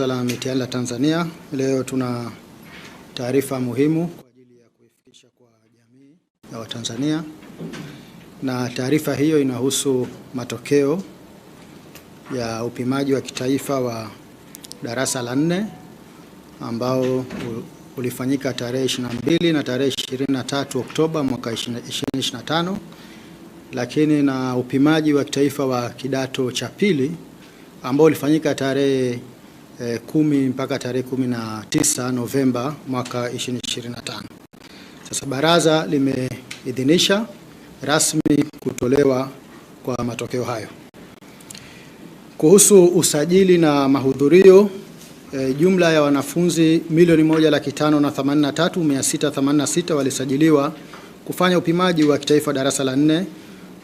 Baraza la Mitihani la Tanzania, leo tuna taarifa muhimu kwa ajili ya kuifikisha kwa jamii ya Watanzania, na taarifa hiyo inahusu matokeo ya upimaji wa kitaifa wa darasa la nne ambao ulifanyika tarehe 22 na tarehe 23 Oktoba mwaka 2025, lakini na upimaji wa kitaifa wa kidato cha pili ambao ulifanyika tarehe eh, kumi mpaka tarehe kumi na tisa Novemba mwaka 2025. Sasa baraza limeidhinisha rasmi kutolewa kwa matokeo hayo. Kuhusu usajili na mahudhurio eh, jumla ya wanafunzi milioni moja laki tano na themanini na tatu mia sita themanini na sita walisajiliwa kufanya upimaji wa kitaifa darasa la nne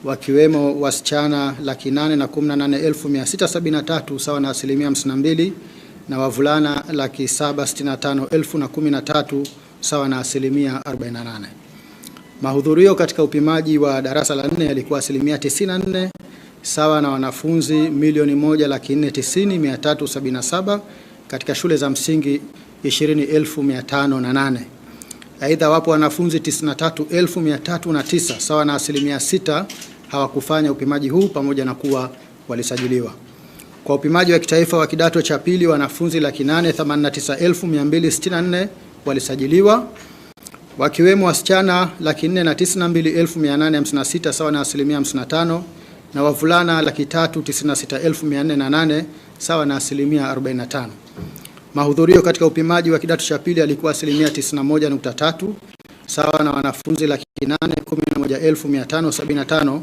wakiwemo wasichana laki nane na kumi na nane elfu mia sita sabini na tatu sawa na asilimia hamsini na mbili na wavulana laki saba sitini na tano elfu na kumi na tatu sawa na asilimia 48. Mahudhurio katika upimaji wa darasa la nne yalikuwa asilimia 94 sawa na wanafunzi milioni moja laki nne tisini mia tatu sabini na saba katika shule za msingi ishirini elfu mia tano na nane. Aidha, wapo wanafunzi 93309 sawa na asilimia 6 hawakufanya upimaji huu pamoja na kuwa walisajiliwa. Kwa upimaji wa kitaifa wa kidato cha pili wanafunzi laki nane themanini na tisa elfu mia mbili sitini na nne walisajiliwa wakiwemo wasichana laki nne na tisini na mbili elfu mia nane hamsini na sita sawa na asilimia hamsini na tano na wavulana laki tatu tisini na sita elfu mia nne na nane sawa na asilimia arobaini na tano. Mahudhurio katika upimaji wa kidato cha pili alikuwa asilimia tisini na moja nukta tatu sawa na wanafunzi laki nane kumi na moja elfu mia tano sabini na tano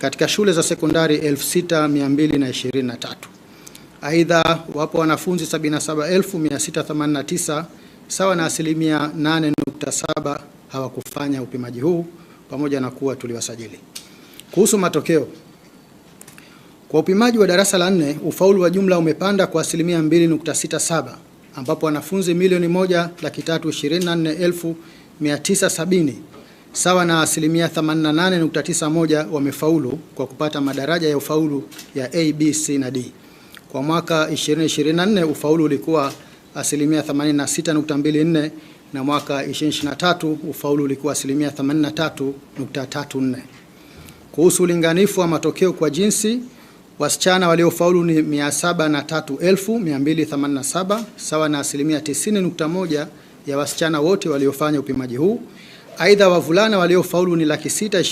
katika shule za sekondari elfu sita mia mbili na ishirini na tatu. Aidha, wapo wanafunzi 77689 sawa na asilimia 8.7 hawakufanya upimaji huu pamoja na kuwa tuliwasajili. Kuhusu matokeo, kwa upimaji wa darasa la nne ufaulu wa jumla umepanda kwa asilimia 2.67 ambapo wanafunzi milioni moja laki tatu nne elfu tisa sabini sawa na asilimia 88.91 wamefaulu kwa kupata madaraja ya ufaulu ya A, B, C na D. Kwa mwaka 2024 ufaulu ulikuwa asilimia 86.24 na mwaka 2023 ufaulu ulikuwa asilimia 83.34. Kuhusu ulinganifu wa matokeo kwa jinsi, wasichana waliofaulu ni 703,287 sawa na asilimia 90.1 ya wasichana wote waliofanya upimaji huu. Aidha, wavulana waliofaulu ni laki sita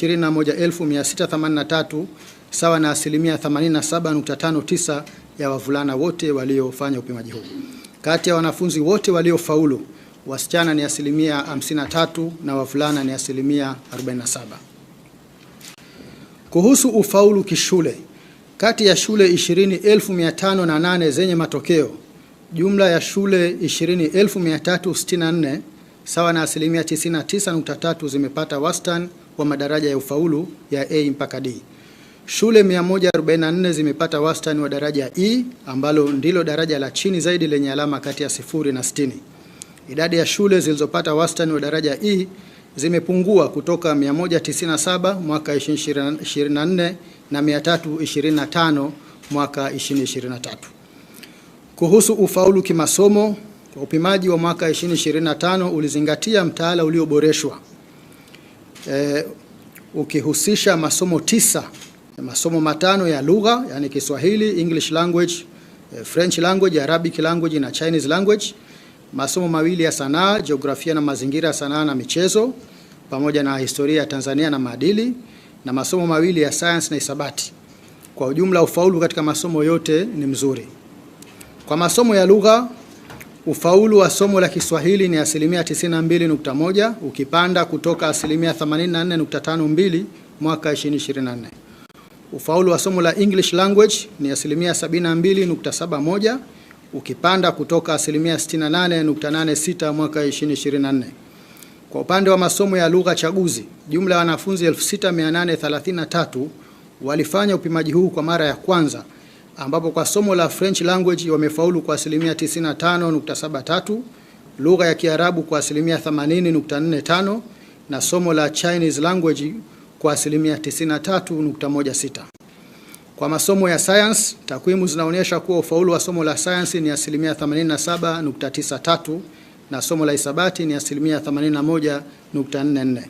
sawa na asilimia 87.59 ya wavulana wote waliofanya upimaji huu. Kati ya wanafunzi wote waliofaulu, wasichana ni asilimia 53 na wavulana ni asilimia 47. Kuhusu ufaulu kishule, kati ya shule 20,508 zenye matokeo, jumla ya shule 20,364 sawa na asilimia 99.3 zimepata wastani wa madaraja ya ufaulu ya A mpaka D. Shule 144 zimepata wastani wa daraja E ambalo ndilo daraja la chini zaidi lenye alama kati ya sifuri na sitini. Idadi ya shule zilizopata wastani wa daraja E zimepungua kutoka 197 mwaka 2024 na 325 mwaka 2023. Kuhusu ufaulu kimasomo, upimaji wa mwaka 2025 ulizingatia mtaala ulioboreshwa e, ukihusisha masomo tisa masomo matano ya lugha, yani Kiswahili, English language, eh, French language, Arabic language na Chinese language, masomo mawili ya sanaa, jiografia na mazingira sanaa na michezo, pamoja na historia ya Tanzania na maadili, na masomo mawili ya science na hisabati. Kwa ujumla, ufaulu katika masomo yote ni mzuri. Kwa masomo ya lugha, ufaulu wa somo la Kiswahili ni asilimia 92.1 ukipanda kutoka asilimia 84.52 mwaka 2024. Ufaulu wa somo la English language ni asilimia 72.71 ukipanda kutoka asilimia 68.86 mwaka 2024. Kwa upande wa masomo ya lugha chaguzi, jumla ya wanafunzi 6833 walifanya upimaji huu kwa mara ya kwanza, ambapo kwa somo la French language wamefaulu kwa asilimia 95.73, lugha ya Kiarabu kwa asilimia 80.45 na somo la Chinese language kwa asilimia 93.16. Kwa masomo ya science, takwimu zinaonyesha kuwa ufaulu wa somo la science ni asilimia 87.93 na somo la hisabati ni asilimia 81.44.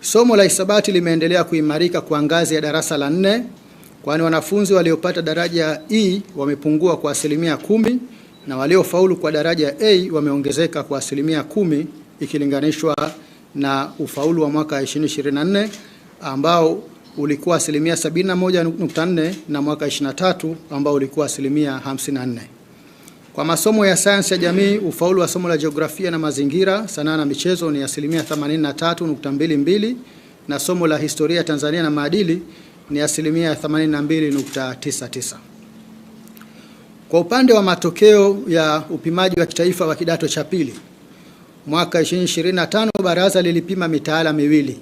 Somo la hisabati limeendelea kuimarika kwa ngazi ya darasa la nne, kwani wanafunzi waliopata daraja E wamepungua kwa asilimia kumi na waliofaulu kwa daraja A wameongezeka kwa asilimia kumi ikilinganishwa na ufaulu wa mwaka 2024 ambao ulikuwa asilimia 71.4 na mwaka 23 ambao ulikuwa asilimia 54. Kwa masomo ya sayansi ya jamii, ufaulu wa somo la jiografia na mazingira, sanaa na michezo ni asilimia 83.22 na somo la historia Tanzania na maadili ni asilimia 82.99. Kwa upande wa matokeo ya upimaji wa kitaifa wa kidato cha pili, mwaka 2025 baraza lilipima mitaala miwili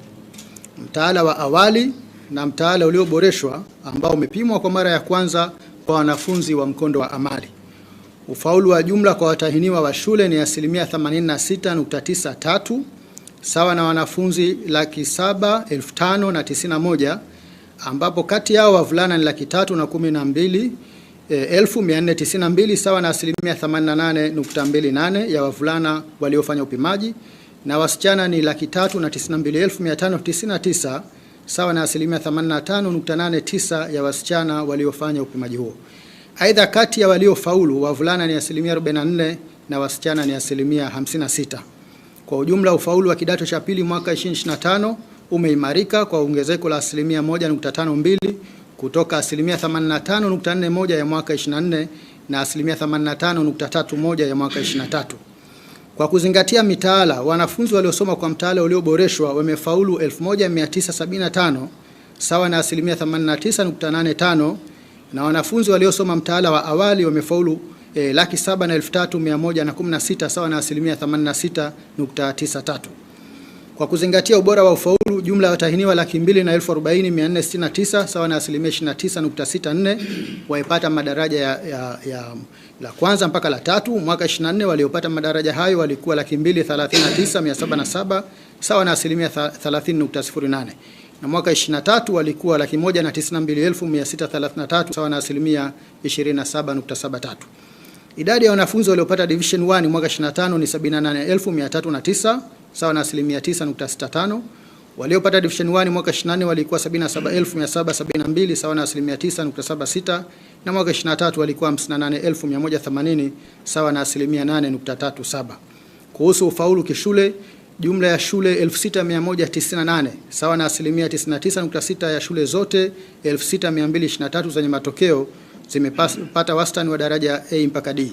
mtaala wa awali na mtaala ulioboreshwa ambao umepimwa kwa mara ya kwanza kwa wanafunzi wa mkondo wa amali. Ufaulu wa jumla kwa watahiniwa wa shule ni asilimia 86.93 sawa na wanafunzi laki saba elfu tano na tisini na moja ambapo kati yao wavulana ni laki tatu na kumi na mbili e, elfu mia nne tisini na mbili sawa na asilimia 88.28 ya wavulana waliofanya upimaji na wasichana ni laki tatu na tisini na mbili elfu mia tano tisini na tisa sawa na asilimia 85.89 ya wasichana waliofanya upimaji huo. Aidha, kati ya waliofaulu wavulana ni asilimia 44 na wasichana ni asilimia 56. Kwa ujumla ufaulu wa kidato cha pili mwaka 2025 umeimarika kwa ongezeko la asilimia 1.52 kutoka asilimia 85.41 ya mwaka 24 na asilimia 85.31 ya mwaka 23. Kwa kuzingatia mitaala, wanafunzi waliosoma kwa mtaala ulioboreshwa wamefaulu 1975 sawa na asilimia 89.85 na wanafunzi waliosoma mtaala wa awali wamefaulu eh, laki saba na elfu tatu mia moja na kumi na sita sawa na asilimia 86.93. Kwa kuzingatia ubora wa ufaulu, jumla ya watahiniwa laki mbili na elfu arobaini mia nne sitini na tisa sawa na asilimia ishirini na tisa nukta sita nne waipata madaraja ya, ya, ya la kwanza mpaka la tatu. Mwaka 24 waliopata madaraja hayo walikuwa laki mbili thelathini na tisa mia saba na saba sawa na asilimia thelathini nukta sifuri nane na mwaka 23 walikuwa laki moja na mbili elfu mia sita tatu sawa na asilimia saba saba nukta tatu. Idadi ya wanafunzi waliopata division 1 mwaka 25 ni 78309 sawa na asilimia 9.65. Waliopata division 1 mwaka 24 walikuwa 77772 sawa na asilimia 9.76, na mwaka 23 walikuwa 58180 sawa na asilimia 8.37. Kuhusu ufaulu kishule, jumla ya shule 6198 sawa na asilimia 99.6 ya shule zote 6223 zenye matokeo zimepata wastani wa daraja A mpaka D.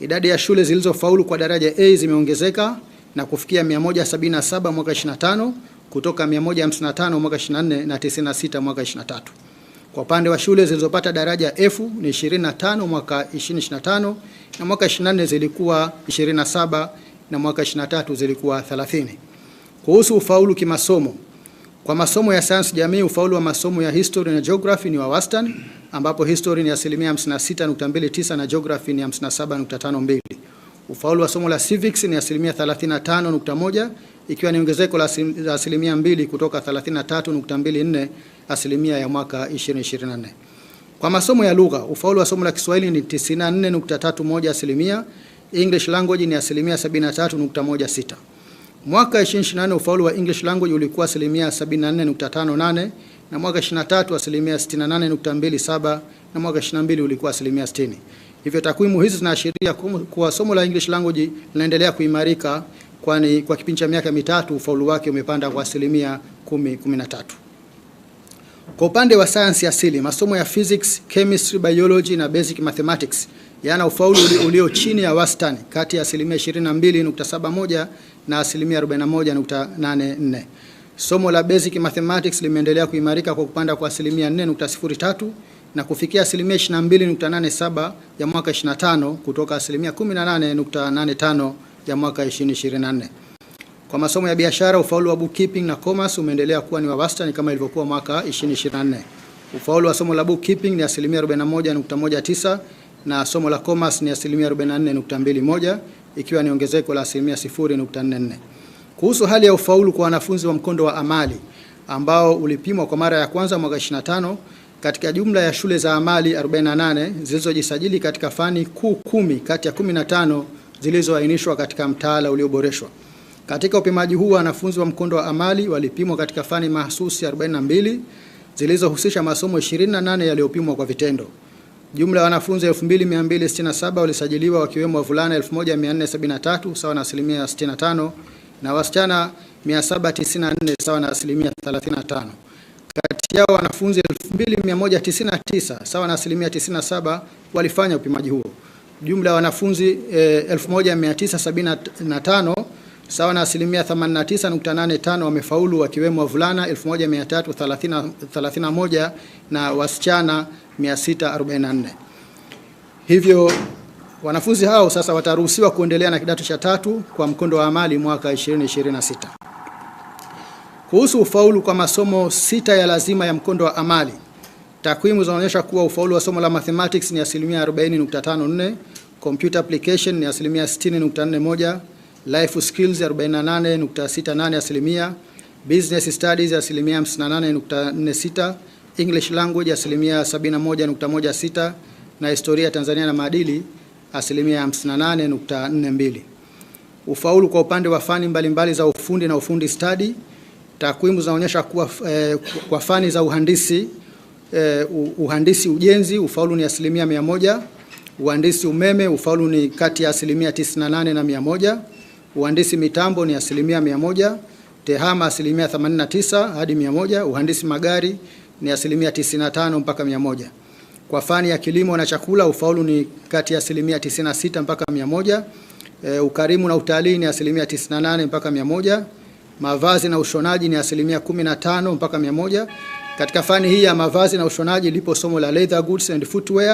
Idadi ya shule zilizofaulu kwa daraja A zimeongezeka na kufikia 177 mwaka 25 kutoka 155 mwaka 24 na 96 mwaka 23. Kwa upande wa shule zilizopata daraja F ni 25 mwaka 2025 na mwaka 24 zilikuwa 27 na mwaka 23 zilikuwa 30. Kuhusu ufaulu kimasomo, kwa masomo ya sayansi jamii, ufaulu wa masomo ya history na geography ni wa wastani, ambapo history ni asilimia 56.29 na geography ni 57.52. Ufaulu wa somo la civics ni asilimia 35.1 ikiwa ni ongezeko la asilimia mbili kutoka 33.24 asilimia ya mwaka 2024. Kwa masomo ya lugha, ufaulu wa somo la Kiswahili ni 94.31 asilimia, English language ni asilimia 73.16. Mwaka 2024 ufaulu wa English language ulikuwa asilimia 74.58 na mwaka 23 asilimia 68.27 na mwaka 22 ulikuwa asilimia Hivyo takwimu hizi zinaashiria kuwa somo la English language linaendelea kuimarika, kwani kwa kipindi cha miaka mitatu ufaulu wake umepanda kwa asilimia 10 13. Kwa upande wa sayansi asili, masomo ya physics, chemistry, biology na basic mathematics yana ufaulu ulio chini ya wastani kati ya asilimia 22.71 na asilimia 41.84. Somo la basic mathematics limeendelea kuimarika kwa kupanda kwa asilimia 4.03 na kufikia asilimia 22.87 ya mwaka 25 kutoka asilimia 18.85 ya mwaka 2024. Kwa masomo ya biashara, ufaulu wa bookkeeping na commerce umeendelea kuwa ni wa wastani kama ilivyokuwa mwaka 2024. Ufaulu wa somo la bookkeeping ni asilimia 41.19 na somo la commerce ni asilimia 44.21 ikiwa ni ongezeko la asilimia 0.44. Kuhusu hali ya ufaulu kwa wanafunzi wa mkondo wa amali ambao ulipimwa kwa mara ya kwanza mwaka 25 katika jumla ya shule za amali 48 zilizojisajili katika fani kuu kumi kati ya 15 zilizoainishwa katika mtaala ulioboreshwa. Katika upimaji huu, wanafunzi wa mkondo wa amali walipimwa katika fani mahsusi 42 zilizohusisha masomo 28 yaliyopimwa kwa vitendo. Jumla ya wanafunzi 2267 walisajiliwa wakiwemo wavulana 1473 sawa na asilimia 65 na wasichana 794 sawa na asilimia 35. Kati yao wanafunzi 2199 sawa na asilimia 97 walifanya upimaji huo. Jumla ya wanafunzi eh, 1975 sawa na asilimia 89.85 wamefaulu wakiwemo wavulana 1331 na wasichana 644. Hivyo wanafunzi hao sasa wataruhusiwa kuendelea na kidato cha tatu kwa mkondo wa amali mwaka 2026. Kuhusu ufaulu kwa masomo sita ya lazima ya mkondo wa amali, takwimu zinaonyesha kuwa ufaulu wa somo la mathematics ni asilimia 40.54, computer application ni asilimia 60.41, life skills 48.68 asilimia, business studies asilimia 58.46, English language asilimia 71.16 na historia Tanzania na maadili asilimia 58.42. Ufaulu kwa upande wa fani mbalimbali mbali za ufundi na ufundi stadi Takwimu zinaonyesha kuwa eh, kwa fani za uhandisi eh, uhandisi ujenzi ufaulu ni asilimia mia moja, uhandisi umeme ufaulu ni kati ya asilimia 98 na mia moja, uhandisi mitambo ni asilimia mia moja, tehama asilimia 89 hadi mia moja, uhandisi magari ni asilimia 95 mpaka mia moja. Kwa fani ya kilimo na chakula ufaulu ni kati ya asilimia 96 mpaka mia moja, E, ukarimu na utalii ni asilimia 98 mpaka mia moja mavazi na ushonaji ni asilimia 15 mpaka 100. Katika fani hii ya mavazi na ushonaji lipo somo la leather goods and footwear